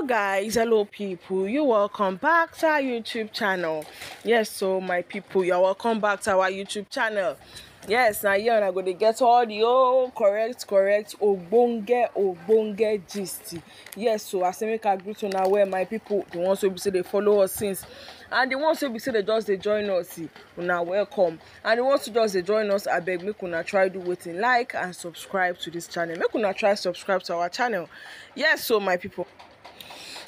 hello guys hello people You welcome back to our youtube channel yes so my people you're welcome back to our youtube channel yes now here una go to get all the old oh, correct correct ogbonge ogbonge gist yes so as make i greet una well my people the ones who be say they follow us since and the ones who be say they just they join us una welcome and the ones who just they join us I abeg make una try do waiting like and subscribe to this channel make una try subscribe to our channel yes so my people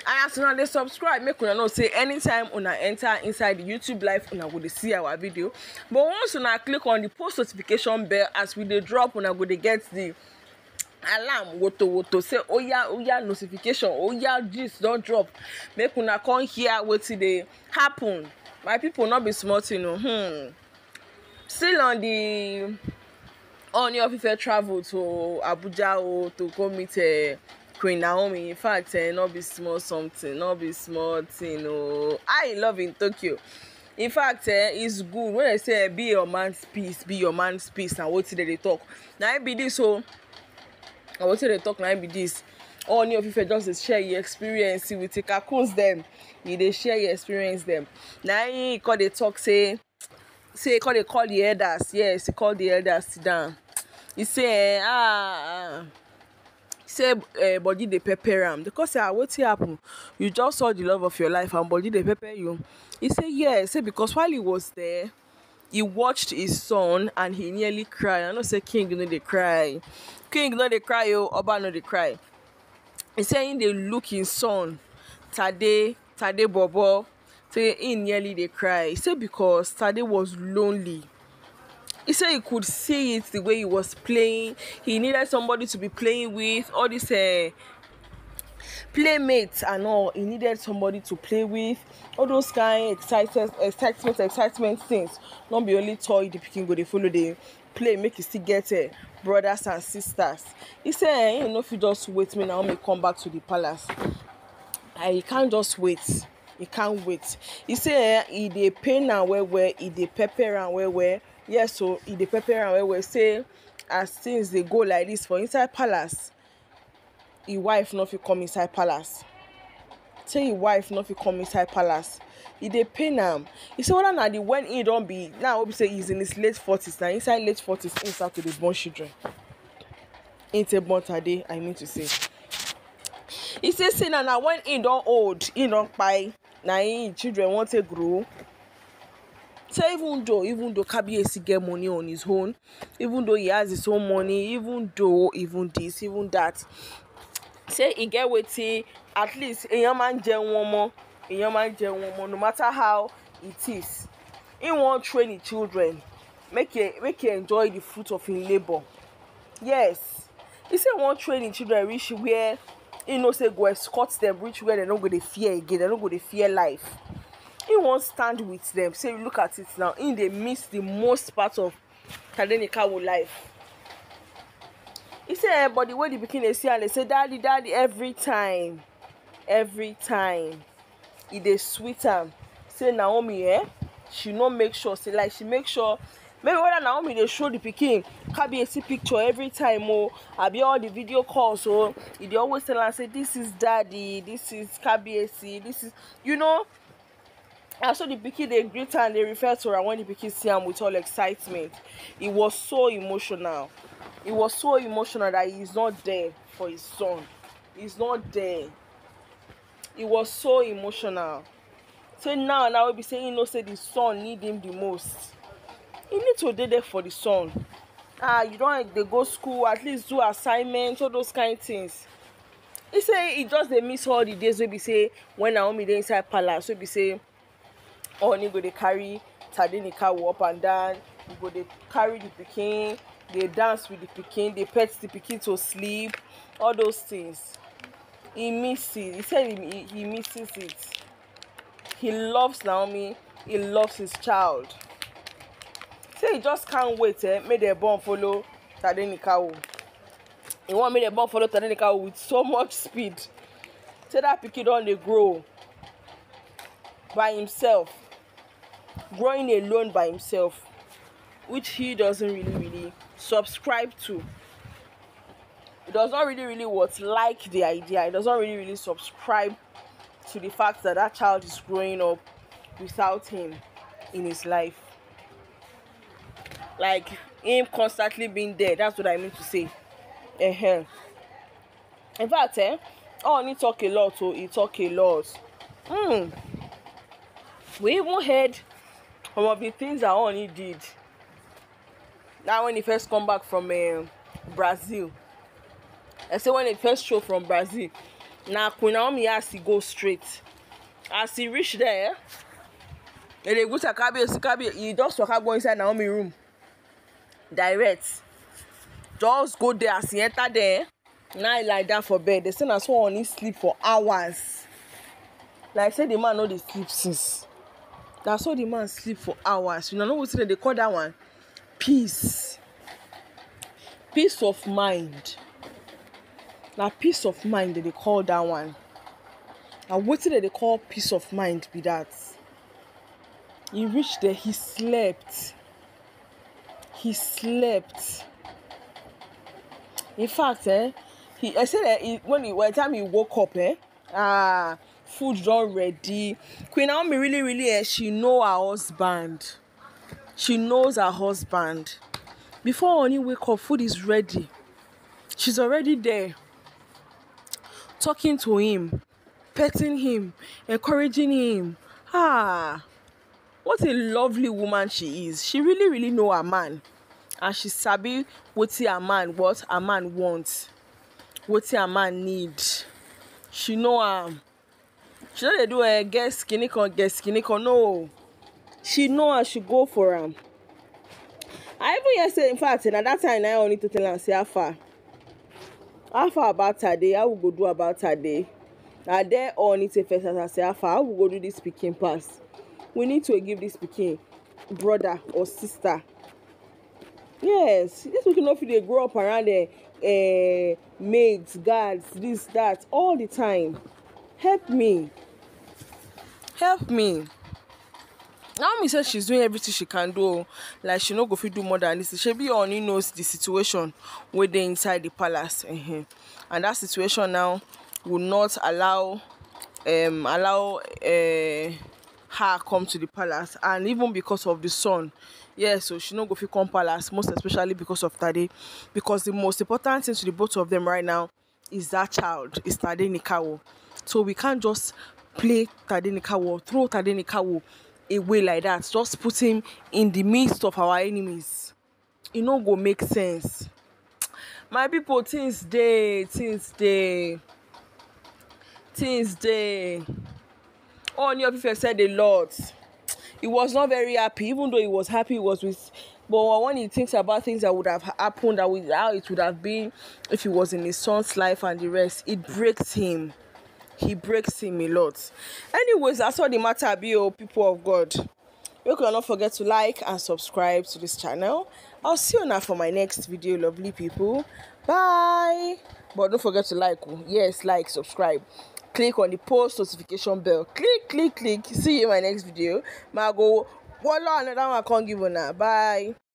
and as una dey subscribe make una know say anytime una enter inside the youtube live una go dey see our video but once una click on the post notification bell as we dey drop una go dey get the alarm wotowoto say oya oya notification oya gist don drop make una come hear wetin dey happen my people no be small thing o oh, hmm. still on the Ooni of travel to Abuja o oh, to go meet. Uh, queen naomi in fact eh, not be small something not be small thing oh. i love in tokyo in fact eh, it's good when I say eh, be your man's peace be your man's peace na wetin dem they talk Now I be this o oh. na wetin dem they talk Now I be this Ooni of Ife just dey share your experience with the Kakuns them, you they share your experience them. Now im call come talk say say call they call the elders yes e call the elders sit down You say eh, ah, ah say uh, body dey pepper am because cause say ah wetin happen you just saw the love of your life and body dey pepper you he say yes say because while he was there he watched his son and he nearly cry i know say king you no dey cry king you no dey cry oh, oba no dey cry he say him dey look him son tade tade bobo say he nearly dey cry he say because tade was lonely he said he could see it the way he was playing he needed somebody to be playing with all these uh, playmates and all he needed somebody to play with all those kind excitement excitement excitement things Not be only toy the pikin go dey follow the play make he still get uh, brothers and sisters he said, eh, you know, if you just wait me now, me come back to the palace i can't just wait he can't wait he said, he dey pain am where where he dey pepper and where where." yes so e dey prepare am well well say as things dey go like this for inside palace e wife no fit come inside palace say e wife no fit come inside palace e dey pain am e say whether na the when e don be now wey be say he's in his late forties na inside late forties im start to dey born children im take born tade i mean to say e say say na na when im don old im don kpai na im children wan take grow So even though even though Kabiyesi get money on his own, even though he has his own money, even though even this, even that, say he get with wetin at least èèyàn máa man, jẹun woman, èèyàn máa man, jẹun woman, no matter how it is he wan train him children make he make he enjoy the fruit of his labor. yes he say he train him children reach where he know say go escort them reach where dem no go dey fear again dem no go dey fear life He won't stand with them say look at it now In they miss the most part of kadenikawo life he say eh but the way the pikin dey see am dey say daddy daddy every time every time it e is sweeter. say naomi eh she no make sure say like she make sure maybe when naomi they show the pikin kabiyesi picture every time o I be all the video calls o oh, they e always tell am say this is daddy this is kabiyesi this is you know And so the Biki, they greet her and they refer to her when the Biki see him with all excitement. It was so emotional. It was so emotional that he's not there for his son. He's not there. It was so emotional. So now now we be saying, you know, say the son need him the most. He needs to be there for the son. Ah, you don't they go school, at least do assignments, all those kind of things. He say he just they miss all the days we be say when Naomi dey inside palace, we be say on you go dey carry tadini cow up and down you go dey carry the pikin dey dance with the pikin dey pet the pikin to sleep all those things he miss it he said he, he, misses it he loves naomi he loves his child say he just can't wait eh, make dem born follow tadini cow. he want make dem born follow tadini cow with so much speed say that pikin don dey grow by himself growing alone by himself which he doesn't really really subscribe to it does not really really what like the idea it does not really really subscribe to the fact that that child is growing up without him in his life like him constantly being there that's what i mean to say uh-huh. in fact eh oh he talk a lot oh he talk a lot mm. we even heard some of the things that Ooni did na when he first come back from um, Brazil I say when he first show from Brazil na Queen Naomi as he go straight as he reach there he elegusa kábíyèsí kábíyèsí he just waka go inside Naomi room direct just go there as he enter there na he lie down for bed they say na so Ooni sleep for hours like say the man no dey sleep since na so the man sleep for hours You know wetin dem dey call that one peace peace of mind na peace of mind dem dey call that one na wetin dem dey call peace of mind be that he reach there he slept he slept in fact eh, he i say that he, when he by the time he woke up eh, ah food don ready queen naomi really really eh, she know her husband she knows her husband before oni wake up food is ready she's already there talking to him petting him encouraging him ah what a lovely woman she is she really really know her man and she sabi wetin her man what her man wants, wetin her man need she know am. Um, she no dey do uh, get skinny con get skinny con no she know I should go for him. i even yesterday in fact na that time i only to tell am say how far how far about her day how we go do about her day na there only to first as i say how far how we go do this speaking pass we need to give this speaking brother or sister yes this pikin no fit dey grow up around the uh, eh, maids guards this that all the time help me help me naomi say she's doing everything she can do like she no go fit do more than this shebi oni knows the situation wey dey inside the palace uh -huh. and that situation now will not allow um, allow uh, her come to the palace and even because of the son yes yeah, so she no go fit come palace most especially because of tade because the most important thing to the both of them right now is that child is tade nikawo so we can't just play Tadenikawo, throw Tadenikawo away like that, just put him in the midst of our enemies. It e no go make sense. My people, things day, things day, things day. Ooni of people said a lot. He was not very happy, even though he was happy, he was with but when he thinks about things that would have happened that would, how it would have been if he was in his son's life and the rest it breaks him he breaks him a lot. Anyways, that's all the matter be, oh people of God. Make sure not forget to like and subscribe to this channel. I'll see you now for my next video, lovely people. Bye. But don't forget to like. Oh. Yes, like, subscribe. Click on the post notification bell. Click, click, click. See you in my next video. Mago, one another one I can't give you now. Bye.